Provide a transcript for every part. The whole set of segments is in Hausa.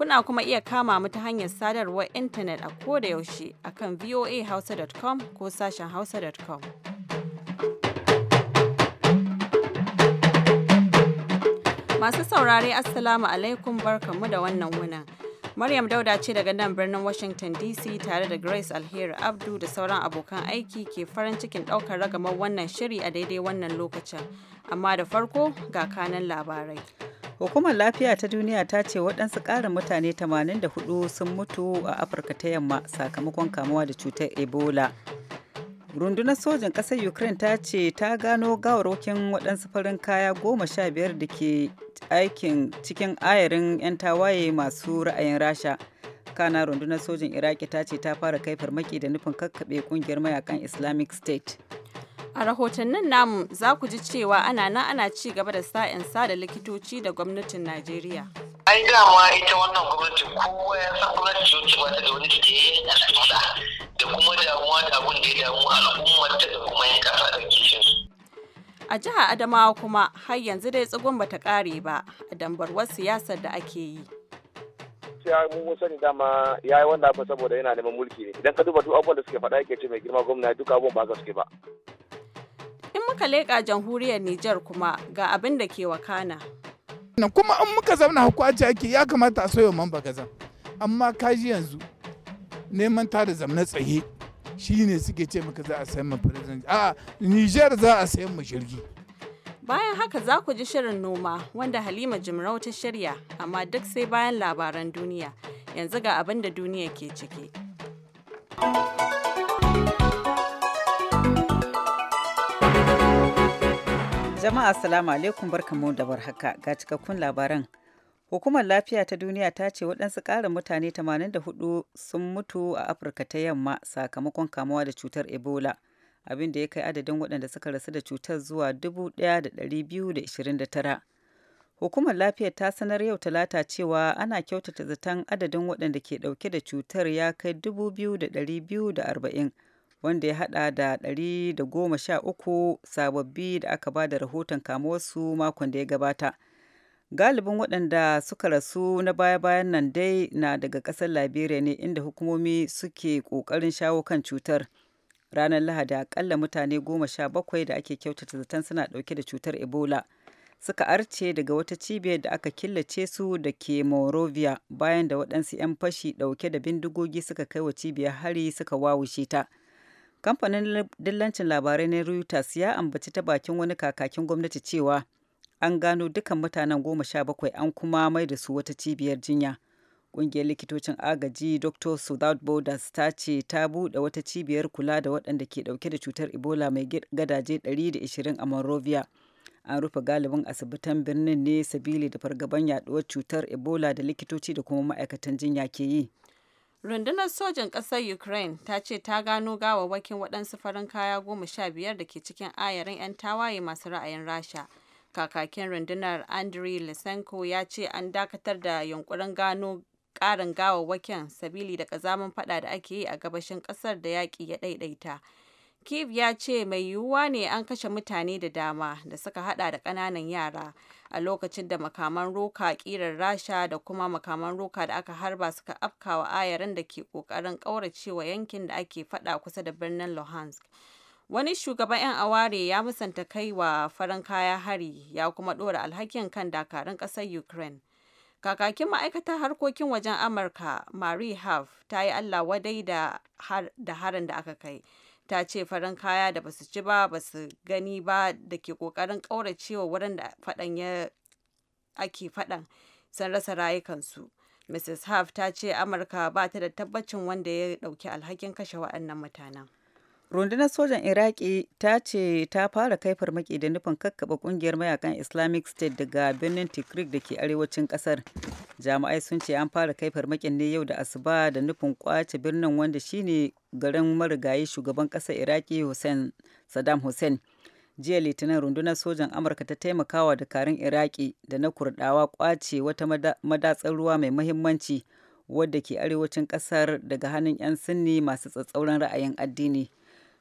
Kuna kuma iya kama mu ta hanyar sadarwar intanet a ko da yaushe akan voahausa.com ko sashen hausa.com. Masu saurare Assalamu alaikum barkanmu da wannan wunan. Maryam Dauda ce daga nan birnin Washington DC tare da Grace Alheri Abdu da sauran abokan aiki ke farin cikin ɗaukar ragamar wannan shiri a daidai wannan lokacin. Amma da farko ga kanan labarai. Hukumar Lafiya ta Duniya ta ce waɗansu ƙarin mutane 84 sun mutu a Afirka ta Yamma sakamakon kamuwa da cutar Ebola. rundunar sojin ƙasar ukraine ta ce ta gano gawarwakin waɗansu farin kaya goma sha biyar da ke aikin cikin ayarin 'yan tawaye masu ra'ayin rasha kana rundunar sojin iraki ta ce ta fara kai farmaki da nufin kakkaɓe ƙungiyar mayakan islamic state A rahotannin namu za ku ji cewa ana nan ana ci gaba da sa'in da likitoci da gwamnatin Najeriya. Ai dama ita wannan gwamnati kowa ya san gwamnati ce ba ta da wani tsayayen al'ada da kuma damuwa da abun da ya damu al'umma ta da kuma ya kasa da kishin A jihar Adamawa kuma har yanzu dai tsugun bata kare ba a dambarwar siyasar da ake yi. ya mun sani dama ya yi wanda ba saboda yana neman mulki ne idan ka duba duk abubuwan da suke faɗa yake ce mai girma gwamna duka abubuwan ba suke ba in muka leƙa jamhuriyar Nijar kuma ga abin da ke wakana. kuma in muka zauna haku a ake ya kamata a soya man bagazan amma kaji yanzu neman ta da zamna tsaye shine suke ce maka za a sayan ma president a Nijar za a sayan ma jirgi. Bayan haka za ku ji shirin noma wanda Halima Jimrau ta shirya amma duk sai bayan labaran duniya yanzu ga abin da duniya ke ciki. Jama'a assalamu alaikum barkamu da haka ga cikakkun labaran. Hukumar lafiya ta duniya ta ce waɗansu ƙarin mutane 84 sun mutu a Afirka ta yamma sakamakon kamuwa da cutar Ebola. abinda ya kai adadin waɗanda suka rasu da cutar zuwa 1,229. Hukumar lafiya ta sanar yau talata cewa ana kyautata zaton adadin waɗanda ke ɗauke da cutar ya kai 2,240 wanda ya hada da 113 sababbi da aka ba da rahoton kamuwarsu makon da ya gabata. Galibin waɗanda suka rasu na baya-bayan nan dai na daga ƙasar Liberia ne inda hukumomi suke ƙoƙarin shawo kan cutar. Ranar Lahadi akalla mutane goma sha bakwai da ake kyautata zaton suna ɗauke da cutar Ebola. Suka arce daga wata cibiyar da aka killace su da ke Morovia bayan da waɗansu 'yan fashi ɗauke da bindigogi suka kai wa cibiyar hari suka wawushe ta. kamfanin dillancin labarai na reuters ya ambaci ta bakin wani kakakin gwamnati cewa an gano dukkan mutanen goma sha bakwai an kuma mai da su wata cibiyar jinya ƙungiyar likitocin agaji dr without borders ta ce ta buɗe wata cibiyar kula da waɗanda ke ɗauke da cutar ebola mai gadaje 120 a monrovia an rufe galibin asibitan birnin ne sabili da fargaban yaduwar cutar ebola da likitoci da kuma ma'aikatan jinya ke yi Rundunar sojan ƙasar Ukraine ta ce ta gano gawawwakin waɗansu farin kaya goma sha biyar da ke cikin ayarin 'yan tawaye masu ra'ayin Rasha. Kakakin rundunar Andriy Lysenko ya ce an dakatar da yunkurin gano ƙarin gawawwakin sabili da ƙazamin faɗa da ake yi a gabashin ƙasar da yaƙi ya ɗaiɗaita. Kiev ya ce mai yiwuwa ne an kashe mutane da dama da suka hada da ƙananan yara a lokacin da makaman roka ƙirar Rasha da kuma makaman roka da aka harba suka afkawa ayarin da ke ƙoƙarin ƙauracewa yankin da ake fada kusa da birnin Luhansk. Wani shugaban 'yan aware ya musanta kai wa farin kaya hari ya kuma ɗora alhakin kan dakarun ƙasar Ukraine. Kakakin ma'aikatar harkokin wajen Amurka, Marie huff ta yi Allah wadai da harin da aka kai. ta ce farin kaya da basu ci ba basu gani ba da ke kokarin kauracewa wurin da fadan ya ake fadan sun rasa rayukansu mrs haf ta ce amurka ba ta da tabbacin wanda ya ɗauki alhakin kashe waɗannan mutanen rundunar sojan iraki ta ce ta fara kai farmaki da nufin kakkaba kungiyar mayakan islamic state daga birnin tikrik da ke arewacin kasar jami'ai sun ce an fara kai farmakin ne yau da asuba da nufin kwace birnin wanda shine garin marigayi shugaban kasar iraki hussein saddam hussein jiya litinin rundunar sojan amurka ta taimakawa da karin iraki da na kurdawa kwace wata madatsar ruwa mai mahimmanci wadda ke arewacin kasar daga hannun 'yan sunni masu tsatsauran ra'ayin addini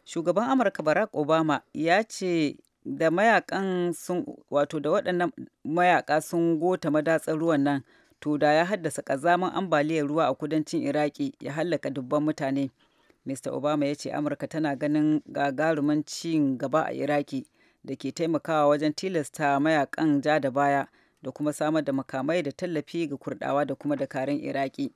shugaban amurka barack obama ya ce da mayakan sun wato da waɗannan mayaka sun gota madatsar ruwan nan to da ya haddasa ƙazaman ambaliyar ruwa a kudancin iraki ya hallaka dubban mutane mr obama ya ce amurka tana ganin gagarumin cin gaba a iraki da ke taimakawa wajen tilasta mayakan ja da baya da kuma samar da makamai da tallafi ga kurdawa da kuma dakarun iraki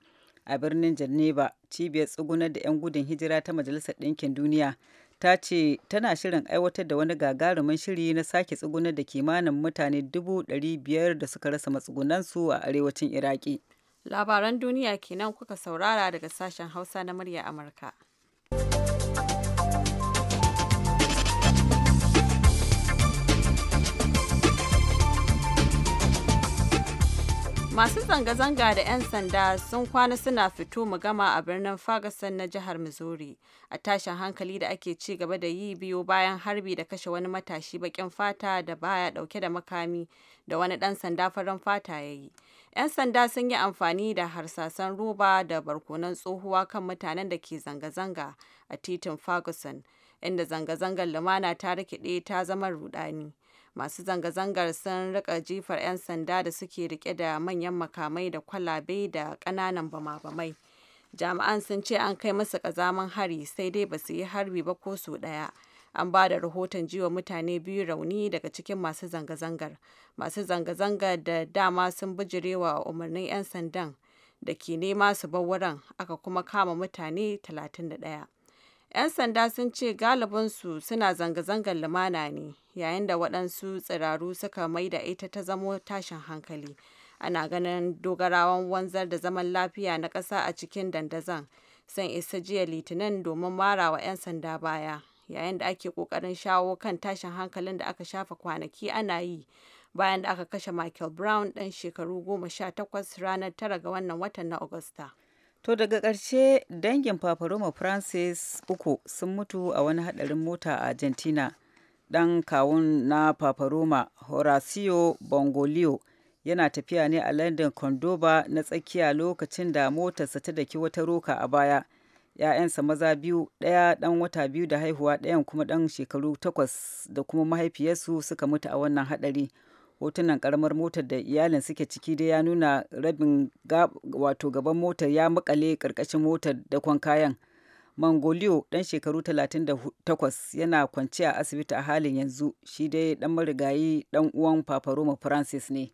a birnin geneva cibiyar tsugunar da 'yan gudun hijira ta majalisar ɗinkin duniya ta ce tana shirin aiwatar da wani gagarumin shiri na sake tsuguna da kimanin mutane dubu ɗari biyar da suka rasa matsugunansu a arewacin iraki labaran duniya kenan kuka saurara daga sashen hausa na murya amurka Masu zanga-zanga da 'yan sanda sun kwana suna fito mu gama a birnin Ferguson na jihar Missouri a tashin hankali da ake ci gaba da yi biyo bayan harbi da kashe wani matashi bakin fata da baya dauke da makami da wani dan sanda farin fata ya yi. 'Yan sanda sun yi amfani da harsasan roba da barkonan tsohuwa kan mutanen da ke zanga-zanga a titin Ferguson, inda zanga-zangar lumana ta rikide ta zama rudani. masu zanga-zangar sun rika jifar 'yan sanda da suke rike da manyan makamai da kwalabe da kananan bama-bamai jami'an sun ce an kai masa kazaman hari sai dai ba su yi harbi ba ko su ɗaya an ba da rahoton jiwa mutane biyu rauni daga cikin masu zanga-zangar masu zanga-zangar da dama sun bijirewa umarnin 'yan sandan da ke nema su bar wurin aka kuma kama mutane 31 'Yan sanda sun ce galibinsu suna zanga-zangar lumana ne, yayin da waɗansu tsiraru suka mai da ita ta zamo tashin hankali. Ana ganin dogarawan wanzar da zaman lafiya na ƙasa a cikin dandazan sun isa jiya Litinin domin mara wa 'yan sanda baya, yayin da ake ƙoƙarin shawo kan tashin hankalin da aka shafa kwanaki ana yi bayan da aka kashe Michael Brown ɗan shekaru 18 ranar 9 ga wannan watan na Agusta. To daga ƙarshe dangin Paparoma Francis uku sun mutu a wani haɗarin mota a Argentina. Ɗan kawun na Paparoma Horacio Bongolio yana tafiya ne a London Condoba na tsakiya lokacin da motarsa ta daki wata roka a baya. ‘Ya'yansa maza biyu, ɗaya ɗan wata biyu da haihuwa ɗayan kuma ɗan shekaru takwas da kuma mahaifiyarsu suka mutu a wannan haɗari. hotunan karamar motar da iyalin suke ciki dai ya nuna rabin wato gaban motar ya makale karkashin motar dakon kayan mangolio dan shekaru 38 yana kwance a asibiti a halin yanzu shi dai dan marigayi dan uwan fafaroma francis ne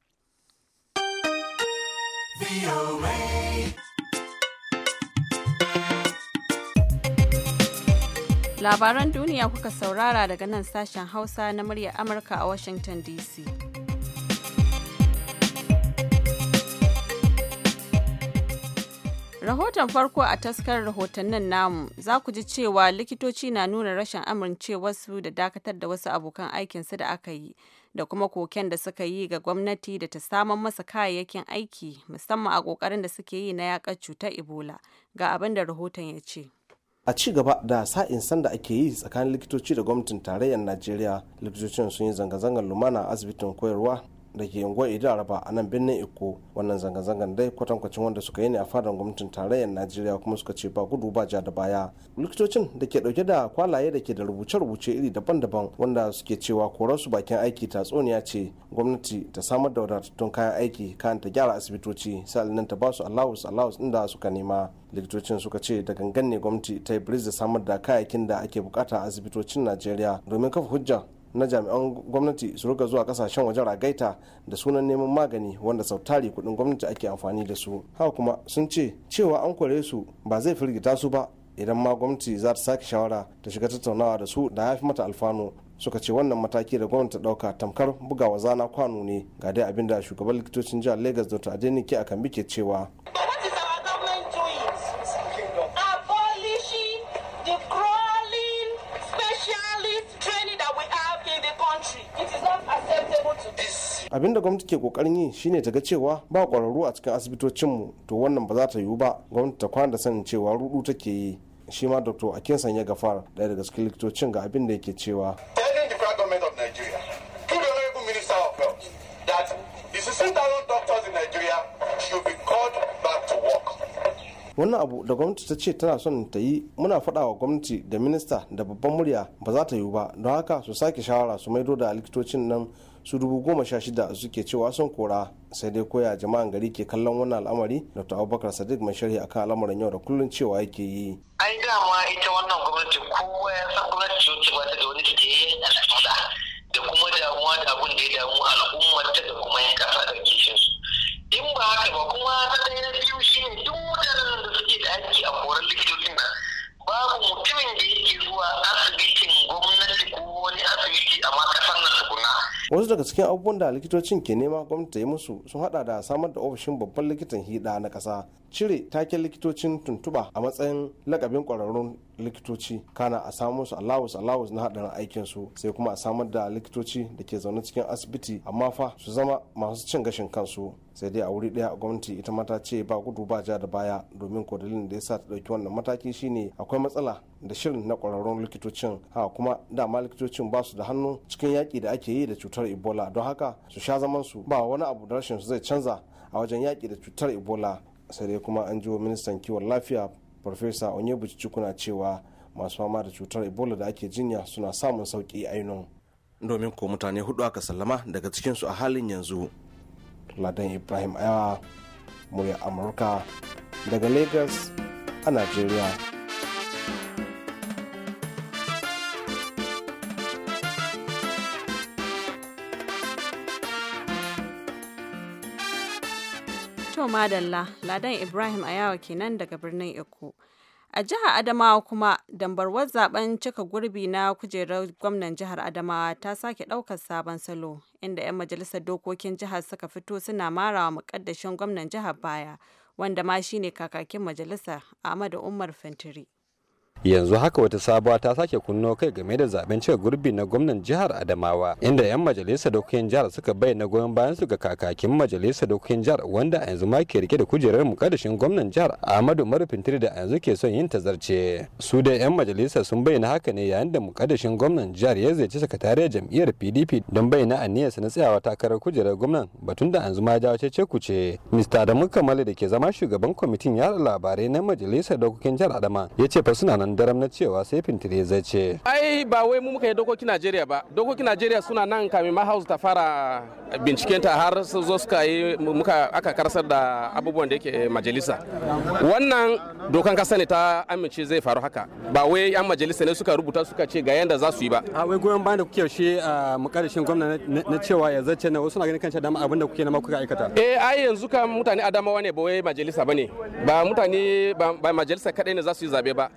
labaran duniya kuka saurara daga nan sashen hausa na murya amurka a washington dc Rahoton farko a taskar rahotannin namu za ku ji cewa likitoci na nuna rashin amincewarsu da dakatar da wasu abokan aikinsu da aka yi da kuma koken da suka yi ga gwamnati da ta saman masa kayayyakin aiki musamman a kokarin da suke yi na yakar cutar Ebola ga abin da rahoton ya ce. a ci gaba da sa'in san da ake yi tsakanin likitoci da gwamnatin tarayyar najeriya likitocin sun yi zanga-zangar lumana a asibitin koyarwa da ke idi araba a nan birnin iko wannan zanga-zangan dai kwatankwacin wanda suka yi ne a fadar gwamnatin tarayyar najeriya kuma suka ce ba gudu ba ja da baya likitocin da ke dauke da kwalaye da ke da rubuce-rubuce iri daban-daban wanda suke cewa korarsu bakin aiki tatsuniya ce gwamnati ta samar da wadatattun kayan aiki kayan ta gyara asibitoci sa'ilin ta ba su allowance allowance inda suka nema likitocin suka ce da gangan ne gwamnati ta yi da samar da kayayyakin da ake bukata a asibitocin najeriya domin kafa hujja na jami'an gwamnati su rika zuwa kasashen wajen ragaita da sunan neman magani wanda sau sautari kudin gwamnati ake amfani da su haka kuma sun ce cewa an kore su ba zai firgita su ba idan ma gwamnati za ta sake shawara ta shiga tattaunawa da su da ya fi mata alfanu suka ce wannan mataki da gwamnati ta dauka tamkar bugawa zana kwano ne ga dai abinda shugaban likitocin jihar lagos dr adeniki akan bike cewa abin da gwamnati ke kokarin yi shine ta ga cewa ba kwararru a cikin asibitocinmu to wannan ba za ta yiwu ba gwamnati ta kwana da sanin cewa rudu take yi shi ma dr akinsan ya gafar daya daga cikin likitocin ga abin da yake cewa the federal government of nigeria the minister of health that wannan abu da gwamnati ta ce tana son ta yi muna faɗa wa gwamnati da minista da babban murya ba za ta yiwu ba don haka su sake shawara su maido da likitocin nan su dubu goma sha shida suke cewa sun kora sai dai koya jama'an gari ke kallon wannan al'amari dr abubakar sadiq mai sharhi akan al'amuran yau da kullun cewa yake yi ai dama ita wannan gwamnati kowa ya san gwamnati ce ba ta da wani a al'amura da kuma damuwa da abun da ya damu al'ummar ta da kuma yan kasa da kishin su in ba haka ba kuma ta ɗaya na biyu ne duk koran likitocin na babu mutumin da yake zuwa asibitin gwamnati ko wani asibiti a ma kasar nan tukuna. wasu daga cikin abubuwan da likitocin ke nema gwamnati ta yi musu sun hada da samar da ofishin babban likitan hida na kasa cire taken likitocin tuntuba a matsayin lakabin kwararrun likitoci kana a samu su allowance allowance na haɗarin aikin su sai kuma a samar da likitoci da ke zaune cikin asibiti amma fa su zama masu cin gashin kansu sai dai a wuri daya gwamnati ita mata ce ba gudu ba ja da baya domin ko dalilin da ya sa ta ɗauki wannan mataki shine akwai matsala da shirin na kwararrun likitocin ha kuma dama likitocin ba su da hannu cikin yaki da ake yi da cutar ebola don haka su sha zaman su ba wani abu da rashin su zai canza a wajen yaki da cutar ebola sai kuma an jiwo ministan kiwon lafiya farfesa onyebuchi cikuna cewa masu fama da cutar ebola da ake jinya suna samun sauki ainihin. domin ko mutane hudu aka sallama daga cikinsu a halin yanzu ladan ibrahim ayawa murya amurka daga lagos a nigeria madalla ladan ibrahim ayawa kenan daga birnin eko a jihar adamawa kuma dambarwar zaben cika gurbi na kujerar gwamnan jihar adamawa ta sake ɗaukar sabon salo inda 'yan majalisar dokokin jihar suka fito suna marawa mukaddashin gwamnan jihar baya wanda ma shine kakakin Majalisar ahmadu umar Fentiri. yanzu haka wata sabuwa ta sake kunno kai game da zaben cika gurbi na gwamnan jihar adamawa inda yan majalisar dokokin jihar suka bayyana goyon bayan su ga kakakin majalisar dokokin jihar wanda a yanzu ma ke rike da kujerar mukaddashin gwamnan jihar ahmadu marufin da a yanzu ke son yin tazarce su da yan majalisar sun bayyana haka ne yayin da mukaddashin gwamnan jihar ya ziyarci sakatare jam'iyyar pdp don bayyana aniyarsa na tsayawa takarar kujerar gwamnan batun da a yanzu ma ya jawo ce kuce mista adamu mukammali da ke zama shugaban kwamitin yada labarai na majalisar dokokin jihar adama ya ce fa suna nan daram na cewa sai fintire zai ce ai ba wai mu muka yi dokokin najeriya ba dokokin najeriya suna nan kamin ma house ta fara bincikenta har su zo suka yi muka aka karsar da abubuwan da yake majalisa wannan dokan kasa ne ta amince zai faru haka ba wai yan majalisa ne suka rubuta suka ce ga yanda za su yi ba a wai goyon bayan da kuke shi a mukarishin gwamna na cewa ya zace na wasu na ganin kanci dama abin da kuke na ma kuka aikata eh ai yanzu kan mutane adamawa ne ba wai majalisa ba ne. ba mutane ba majalisa kadai ne za su yi zabe ba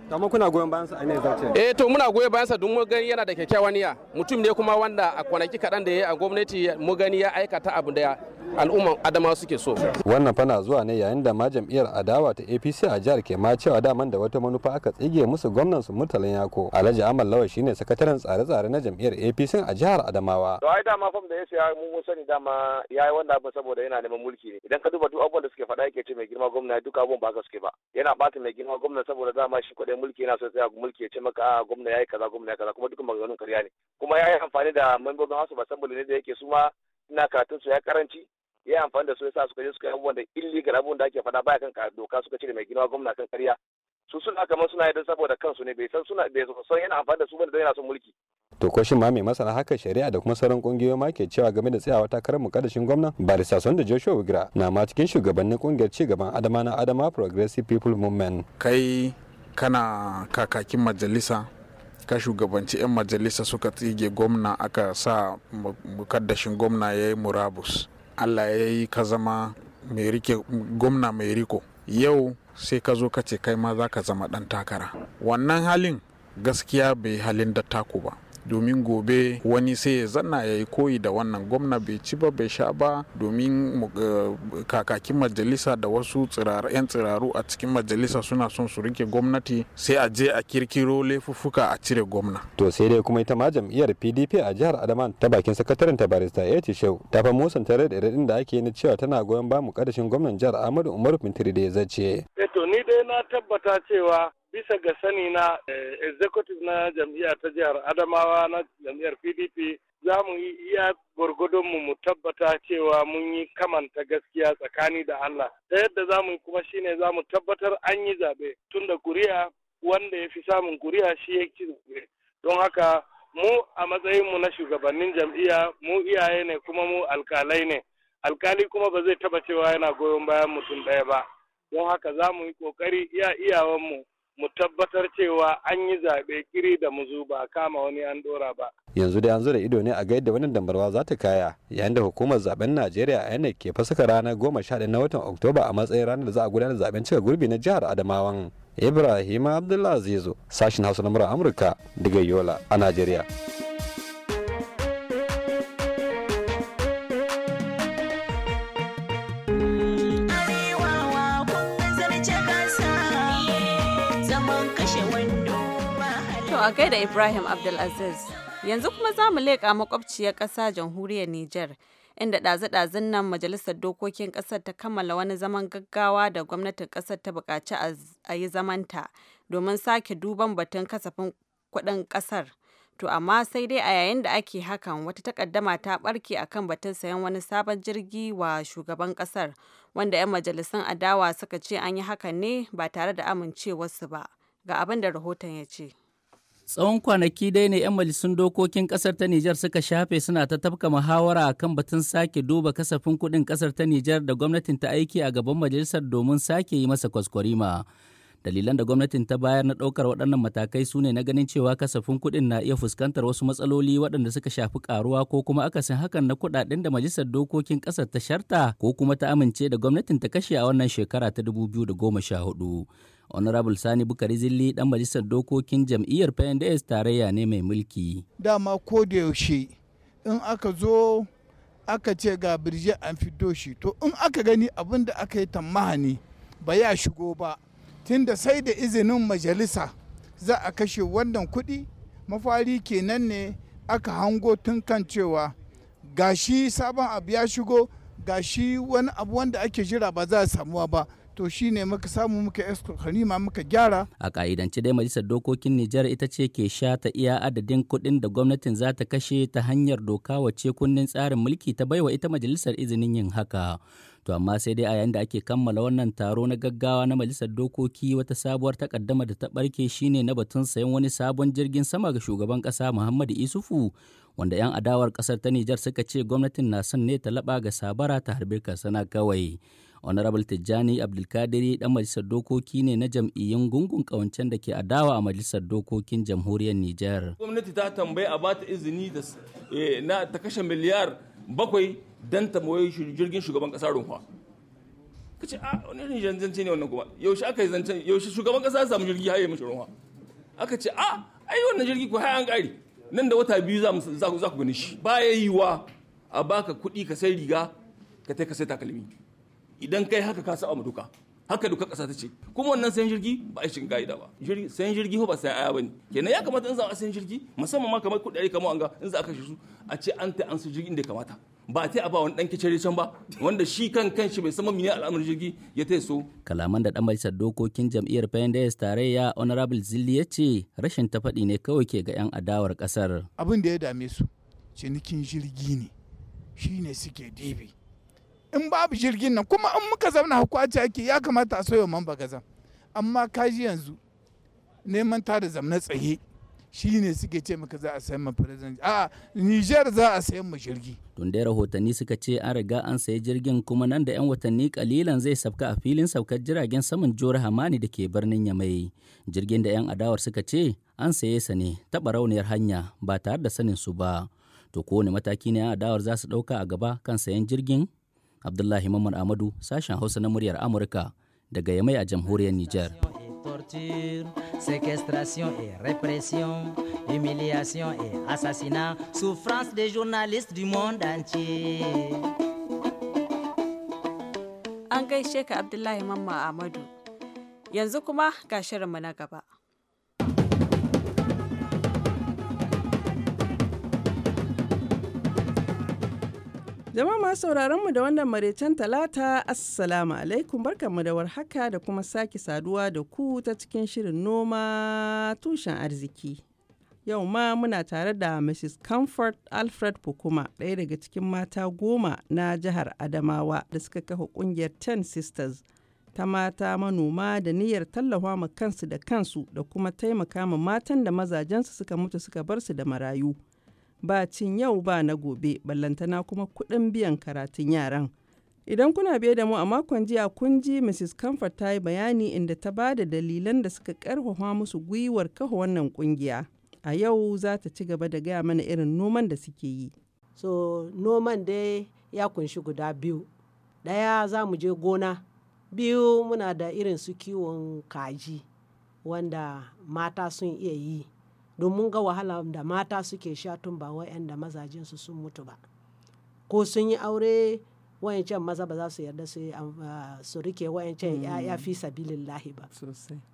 kuna goyon bayan sa ne zace eh to muna goyon bayan sa don mu gani yana da kyakkyawan niyya mutum ne kuma wanda a kwanaki kaɗan da ya yi a gwamnati mu gani ya aikata abu da al'umman adama suke so wannan fana zuwa ne yayin da ma jam'iyyar adawa ta apc a jihar ke ma cewa daman da wata manufa aka tsige musu gwamnan su murtalan yako alhaji amal lawal shine sakataren tsare-tsare na jam'iyyar apc a jihar adamawa to ai dama fam da ya mu mun sani dama ya yi wanda ba saboda yana neman mulki ne idan ka duba duk abubuwan da suke faɗa yake ce mai girma gwamna duk abubuwan ba haka suke ba yana bata mai girma gwamna saboda dama shi kuɗin mulki yana so tsaya mulki ya ce maka ah, gwamna ya yi kaza gwamna ya kaza kuma dukkan maganganun karya ne kuma ya yi amfani da membobin house ba ne da yake su ma ina karatun su ya karanci ya amfani da su yasa suka je suka yi abubuwan da illegal abubuwan da ake faɗa baya kan doka suka cire mai ginawa gwamna kan ƙarya su suna kamar suna yi don saboda kansu ne bai san suna bai san yana amfani da su bane don yana son mulki to ko shin ma mai masana haka shari'a da kuma sauran kungiyoyi ma ke cewa game da tsayawa takarar mukaddashin gwamna barista da joshua wigra na ma cikin shugabannin kungiyar ci gaban adama na adama progressive people movement kai kana kakakin majalisa ka shugabanci 'yan majalisa suka tsige gwamna aka sa mukaddashin gwamna ya yi murabus allah ya yi ka zama gwamna mai riko yau sai ka zo ka ce kai ma za ka zama ɗan takara wannan halin gaskiya bai halin da taku ba domin gobe wani sai ya zanna ya yi koyi da wannan gwamna bai ci ba bai sha ba domin eh, kakakin majalisa da wasu 'yan tsiraru a cikin majalisa suna son su rike gwamnati sai a je a kirkiro laifuffuka a cire gwamna. To sai dai kuma ita ma jam'iyyar PDP a jihar Adaman ta bakin sakataren ta barista ce shau ta fa tare da irin da ake yi na cewa tana goyon bamu karshen gwamnan jihar Ahmadu Umaru Fintiri da ya zace. Eh to ni dai na tabbata cewa bisa ga sani na eh, executive na jam'iyyar ta jihar adamawa na jam'iyyar pdp za mu yi iya gwargwadonmu mu tabbata cewa mun yi kamanta gaskiya tsakani da allah ta yadda za mu yi kuma shine za mu tabbatar an yi zaɓe tun da kuri'a wanda ya fi samun kuri'a shi ya ci zaɓe don haka mu a matsayinmu na shugabannin jam'iyya mu iyaye ne kuma mu alkalai ne alkali kuma ba zai taba cewa yana goyon bayan mutum ɗaya ba don haka za mu yi ƙoƙari iya mu. mu tabbatar cewa an yi zaɓe kiri da muzu ba kama wani an dora ba. Yanzu da yanzu da ido ne a gaida wani dambarwa za ta kaya yayin da hukumar zaben Najeriya a INEC ke fasaka ranar goma sha na watan Oktoba a matsayin ranar da za a gudanar zaben cika gurbi na jihar Adamawan. Ibrahim Abdullah Azizu sashin Hausa na Amurka daga Yola a Najeriya. To a gaida Ibrahim Abdulaziz. Yanzu kuma za mu leƙa makwabciyar ƙasa jamhuriyar Nijar. Inda ɗazu-ɗazun nan Majalisar Dokokin ƙasar ta kammala wani zaman gaggawa da gwamnatin ƙasar ta buƙaci a yi zamanta domin sake duban batun kasafin kuɗin ƙasar. To amma sai dai a yayin da ake hakan wata takaddama ta barke akan batun sayan wani sabon jirgi wa shugaban ƙasar wanda 'yan majalisun adawa suka ce an yi hakan ne ba tare da amincewarsu ba. ga abin da rahoton ya ce. Tsawon kwanaki dai ne 'yan majalisun dokokin kasar ta Nijar suka shafe suna ta tafka muhawara kan batun sake duba kasafin kuɗin ƙasar ta Nijar da gwamnatin ta aiki a gaban majalisar domin sake yi masa kwaskwarima. Dalilan da gwamnatin ta bayar na ɗaukar waɗannan matakai su ne na ganin cewa kasafin kuɗin na iya fuskantar wasu matsaloli waɗanda suka shafi ƙaruwa ko kuma akasin hakan na kuɗaɗen da majalisar dokokin ƙasar ta sharta ko kuma ta amince da gwamnatin ta kashe a wannan shekara ta 2014. honorable sani bukari zilli dan majalisar dokokin jam'iyyar pnds tarayya ne mai mulki dama ko da yaushe in aka zo aka ce ga birje an fito shi to in aka gani abin da aka yi tamahani ba ya shigo ba tunda sai da izinin majalisa za a kashe wannan kuɗi mafari kenan ne aka hango tun kan cewa gashi sabon abu ya shigo gashi wani abu wanda ake jira ba za a samuwa ba to shi ne muka samu muka hanima muka gyara. A ka'idance dai majalisar dokokin Nijar ita ce ke sha ta iya adadin kuɗin da gwamnatin za ta kashe ta hanyar doka wacce kundin tsarin mulki ta baiwa ita majalisar izinin yin haka. To amma sai dai a yayin da ake kammala wannan taro na gaggawa na majalisar dokoki wata sabuwar takaddama da ta barke shine na batun sayan wani sabon jirgin sama ga shugaban kasa Muhammadu Isufu wanda 'yan adawar kasar ta Nijar suka ce gwamnatin na son ne ta laba ga sabara ta harbe kasana kawai. honorable tijjani abdulkadiri dan majalisar dokoki ne na jam'iyyun gungun kawancen da ke adawa a majalisar dokokin jamhuriyar niger gwamnati ta tambaye a bata izini eh, na ta kashe miliyar bakwai don tambayoyi jirgin shugaban kasa runfa kace a wani irin zance ne wannan kuma yaushe aka yi zance yaushe shugaban kasa ya samu jirgi haye mishi runwa aka ce a ai wannan jirgi ko hayan kari nan da wata biyu za ku za ku gani shi yi wa a baka kuɗi ka sai riga ka ta ka sai takalmi idan kai haka ka sa'a duka haka duka ƙasa ta ce kuma wannan sayan jirgi ba a shiga ga'ida ba sayan jirgi ba sayan aya bane kenan ya kamata in za a sayan jirgi musamman ma kamar kuɗaɗe kamar wanga in za a kashe su a ce an ta an su jirgin da kamata ba ta ba wani dan kicere can ba wanda shi kan kan shi bai saman mene al'amarin jirgi ya ta so kalaman da dan majalisar dokokin jam'iyyar PNDS tarayya honorable Zilli ya ce rashin ta faɗi ne kawai ke ga yan adawar kasar. abin da ya dame su cinikin jirgi ne shine suke dibi in babu jirgin nan kuma in muka zauna hukunci ake ya kamata a soya man bagazan amma kaji yanzu neman ta da zamna tsaye shi ne suke ce maka za a sayan ma president a Niger za a sayan mu jirgi tun dai rahotanni suka ce an riga an sayi jirgin kuma nan da yan watanni kalilan zai sabka a filin saukar jiragen saman jihar Hamani da ke birnin Yamai jirgin da yan adawar suka ce an saye sa ne ta rauniyar hanya ba tare da sanin su ba to kowane mataki ne yan adawar za su dauka a gaba kan sayan jirgin Abdullahi Mamman Amadu sashen Hausa na muryar Amurka daga Yamai a jamhuriyar Nijar. torture, séquestration et répression, humiliation et assassinat, souffrance des journalistes du monde entier. An gaishe ka Abdullahi Mamma amadu Yanzu kuma ga shirinmu na gaba. Jama'a masu sauraron mu da wannan maraicen talata assalamu alaikum barkanmu da warhaka da kuma sake saduwa da ku ta cikin shirin noma tushen arziki. Yau ma muna tare da Mrs. Comfort Alfred Pukuma ɗaya daga cikin mata goma na jihar Adamawa da suka kafa ƙungiyar Ten Sisters ta mata manoma da niyyar tallafa ma kansu da kansu da kuma taimaka ma matan da mazajensu suka mutu suka bar su da marayu. ba cin yau ba na gobe ballantana kuma kuɗin biyan karatun yaran. Idan kuna biye da mu a makon jiya kun ji Mrs. Comfort ta yi bayani inda ta ba da dalilan da suka karfafa musu gwiwar kafa wannan kungiya. A yau za ta ci gaba da gaya mana irin noman da suke yi. So noman dai ya kunshi guda biyu. Ɗaya za mu je gona, biyu muna da irin su kiwon kaji wanda mata sun iya yi. domin ga wahala da mata suke sha tun ba mazajen mazajensu sun mutu ba ko sun yi aure wayancan maza ba za su yarda su ah, rike wayancan ya mm. fi lahi ba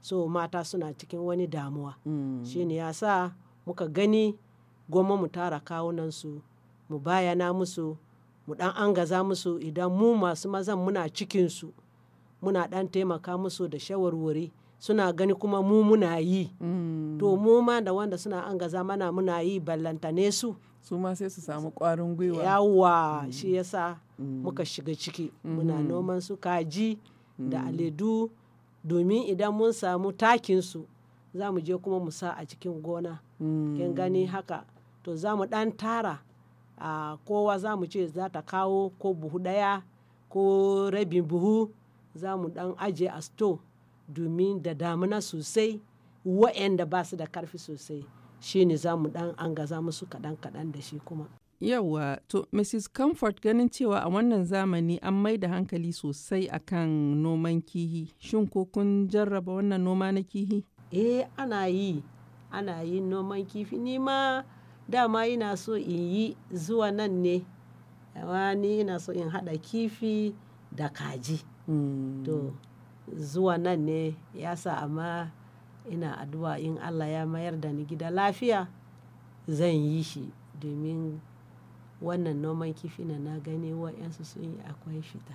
so mata suna cikin wani damuwa mm. shine ya sa muka gani goma mu tara kawunansu mu bayana musu mu dan angaza musu idan mu masu mazan muna cikinsu muna dan taimaka musu da shawarwari suna gani kuma mu muna yi mm. to mu ma da wanda suna an gaza mana muna yi ballantane su su ma sai su samu kwarin gwiwa yawa mm. shi yasa mm. muka shiga ciki mm-hmm. muna noman su kaji da aledu domin idan mun samu takin su za mu je kuma mu sa a cikin gona kin gani haka to za mu dan tara a kowa za mu ce za ta kawo ko buhu daya ko rabin buhu za mu dan aje a store domin da damuna sosai wa'anda ba su da karfi sosai shi ne za mu dan an gaza musu kaɗan-kaɗan da shi kuma. Yawwa, to Mrs. Comfort ganin cewa a wannan zamani an mai da hankali sosai akan noman kihi, shin ko kun jarraba wannan noma na kihi? Eh, ana yi, ana yi noman kifi, ni ma dama ina so in yi zuwa nan ne, ni ina so in haɗa kifi da kaji. Hmm. To, zuwa nan ne ya sa amma ina addu'a in Allah ya mayar da ni gida lafiya zan yi shi domin wannan noman kifi na na gani wa'yansu sun yi akwai fita.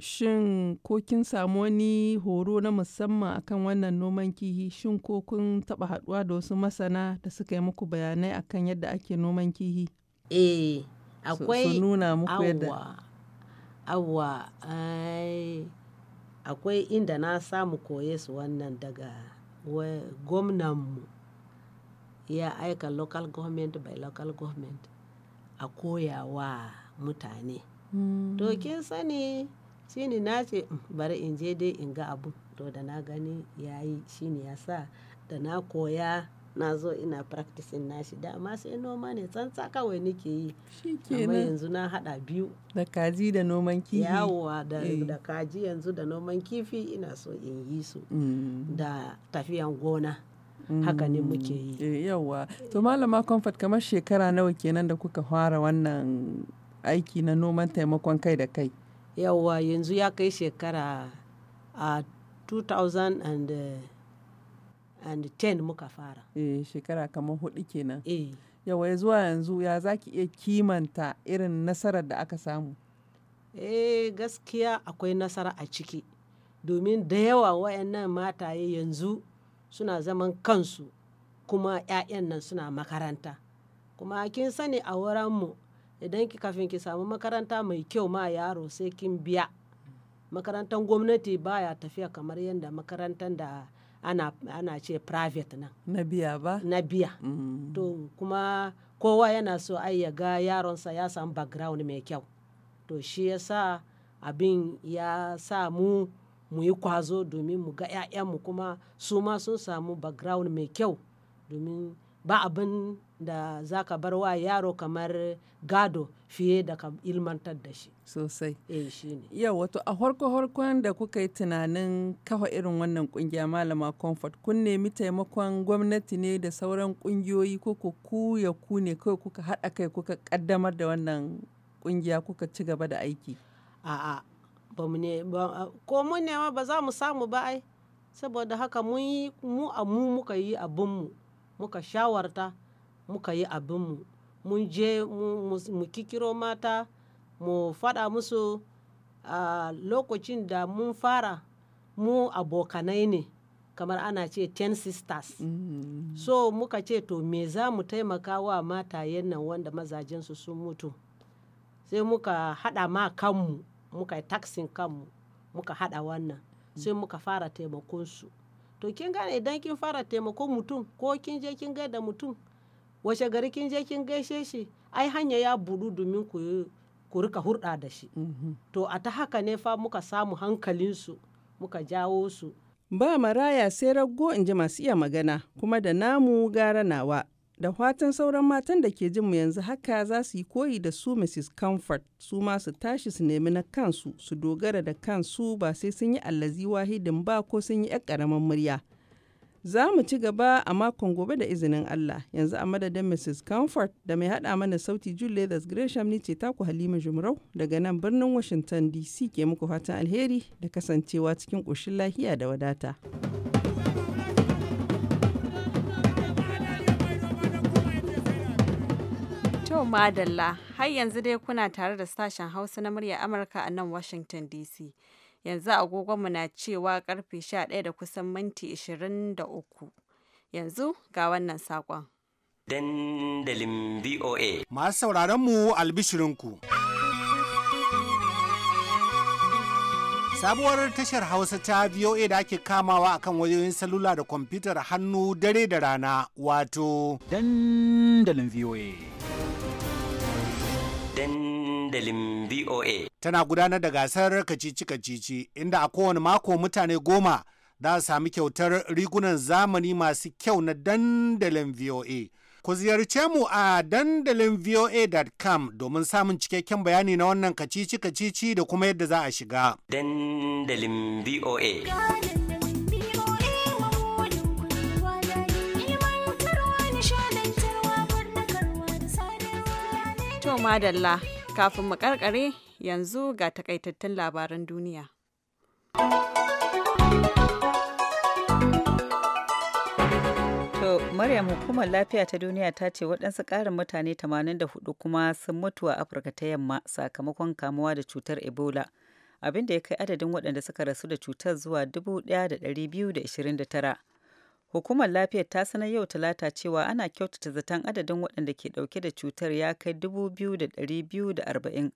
Shin ko kin samu wani horo na musamman akan wannan noman kihi shin ko kun taɓa haɗuwa da wasu masana da suka yi muku bayanai akan yadda ake noman kihi? Eh, akwai awa, awa, nuna akwai inda na samu koye su wannan daga mu ya aika local government by local government a koya wa mutane mm. to kin sani shine na ce mm, bari in je dai in ga abu to da na gani ya yi shine ya sa da na koya na zo ina practicing nashi dama sai noma ne tsantsa kawai nake yi amma yanzu na hada biyu da kaji da noman kifi yawa da, eh. da kaji yanzu da noman kifi ina so in yi su mm. da tafiyan gona Mm. haka ne muke yi mm. e, eh, yawa to malama comfort kamar shekara nawa kenan da kuka fara wannan aiki na noman taimakon kai da kai yawa yanzu ya kai shekara a uh, 2000 and and ten muka fara eh shekara kamar hudu kenan eh yawa zuwa yanzu ya zaki iya kimanta irin nasarar da aka samu eh gaskiya akwai nasara a ciki domin da yawa wayannan mataye yanzu suna zaman kansu kuma 'ya'yan nan suna makaranta kuma kin sani a wurinmu idan ki kafin ki samu makaranta mai kyau ma yaro sai kin biya makarantar gwamnati baya tafiya kamar yadda makarantar da ana, ana ce private nan na biya ba na biya mm. to kuma kowa yana so ai ya ga yaronsa ya samu background mai kyau to shi ya sa abin ya sa mu mu yi kwazo domin mu ga mu kuma su ma sun samu background mai kyau domin ba abin da za ka bar wa yaro kamar gado fiye da ka ilmantar da shi. Sosai. Eh shi ne. Yau wato a harko-harkon da kuka yi tunanin kafa irin wannan kungiya malama comfort kun nemi taimakon gwamnati ne da sauran kungiyoyi ko ku ya ku ne kai kuka haɗa kai kuka kaddamar da wannan kungiya kuka ci gaba da aiki. A'a ba mu ne ba ko mu ne ba za mu samu ba ai saboda haka mun yi mu a mu muka yi mu muka shawarta muka yi abinmu. Mun je mu kikiro mata mu faɗa musu a lokacin da mun fara mu abokanai ne kamar ana ce ten sisters. Mm. So muka ce to me za mu taimaka wa matayen nan wanda mazajensu sun mutu. Sai muka haɗa ma kanmu muka yi taxin kanmu muka haɗa wannan sai muka fara taimakonsu. To kin gane idan kin fara taimakon mutum ko kin je kin gaida mutum washe gari kin je kin gaishe shi ai hanya ya budu domin ku ku rika hurɗa da shi mhm. to a ta haka ne fa muka samu hankalinsu muka jawo su ba maraya sai raggo in ji masu iya magana kuma da namu gara nawa da fatan sauran matan da ke jin mu yanzu haka za su yi koyi da su Mrs. Comfort su ma su tashi su nemi na kansu su dogara da kansu ba sai sun yi allazi wahidin ba ko sun yi 'yan ƙaramin murya. Za mu ci gaba a makon gobe da izinin Allah, yanzu a madadin Mrs. Comfort da mai haɗa mana sauti Julie Leathers Gresham ni ce taku Halima Jumrau daga nan birnin Washington DC ke muku fatan alheri da kasancewa cikin ƙoshin lahiya da wadata. To madalla, har yanzu dai kuna tare da sashen Hausa na murya Amurka a nan Washington DC. Yanzu agogonmu na cewa karfe sha 11 da kusan minti 23. Yanzu ga wannan sakon Dandalin VOA. Masu sauraron mu albishirinku. Sabuwar tashar Hausa ta VOA da ake kamawa akan wayoyin salula da kwamfutar hannu dare da rana wato. Dandalin VOA. dandalin VOA. Tana gudanar da gasar kacici-kacici inda a kowane mako mutane goma za su sami kyautar rigunan zamani masu kyau na dandalin VOA. Ku ziyarce mu a dandalin voa.com domin samun cikakken bayani na wannan kacici-kacici da kuma yadda za a shiga. Dandalin VOA. To madalla Kafin mu karkare yanzu ga takaitattun labaran duniya. Maryam hukumar lafiya ta duniya ta ce waɗansu ƙarin mutane 84 kuma sun mutu a Afirka ta yamma sakamakon kamuwa da cutar Ebola. Abin da ya kai adadin waɗanda suka rasu da cutar zuwa 1,229. Hukumar lafiyar ta sanar yau Talata cewa ana kyautata zaton adadin waɗanda ke ɗauke da cutar ya kai 2,240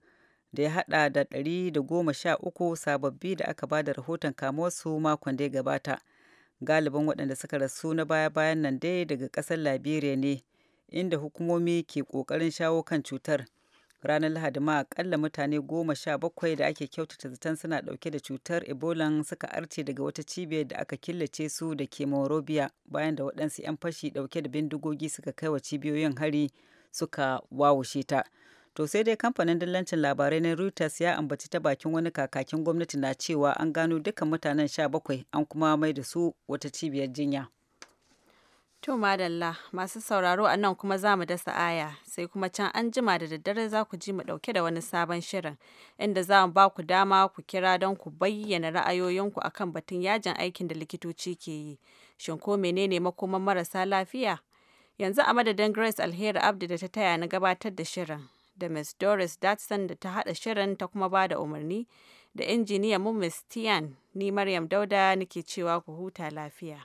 da ya haɗa da 113 sababbi da aka ba da rahoton kamuwarsu makon da ya gabata. Galibin waɗanda suka rasu na baya-bayan nan dai daga ƙasar Liberia ne, inda hukumomi ke ƙoƙarin shawo kan cutar. ranar lahadi ma akalla mutane goma sha bakwai da ake kyautata zaton suna dauke da cutar ebola suka arce daga wata cibiyar da aka killace su da ke morobiya bayan da waɗansu 'yan fashi dauke da bindigogi suka kai wa cibiyoyin hari suka wawushe ta to sai dai kamfanin dillancin labarai na reuters ya ambaci ta bakin wani kakakin gwamnati na cewa an gano dukkan mutanen sha bakwai an kuma mai da su wata cibiyar jinya To madalla masu sauraro a nan kuma za mu dasa aya sai kuma can an jima da daddare za ku ji mu ɗauke da wani sabon shirin inda za mu ba ku dama ku kira don ku bayyana ra'ayoyinku akan batun yajin aikin da likitoci ke yi. Shin ko menene makoman marasa lafiya? Yanzu a madadin Grace Alheri Abdi da ta taya na gabatar da shirin da Ms. Doris Datson da ta haɗa shirin ta kuma ba da umarni da injiniya mu Ms. Tian ni Maryam Dauda nake cewa ku huta lafiya.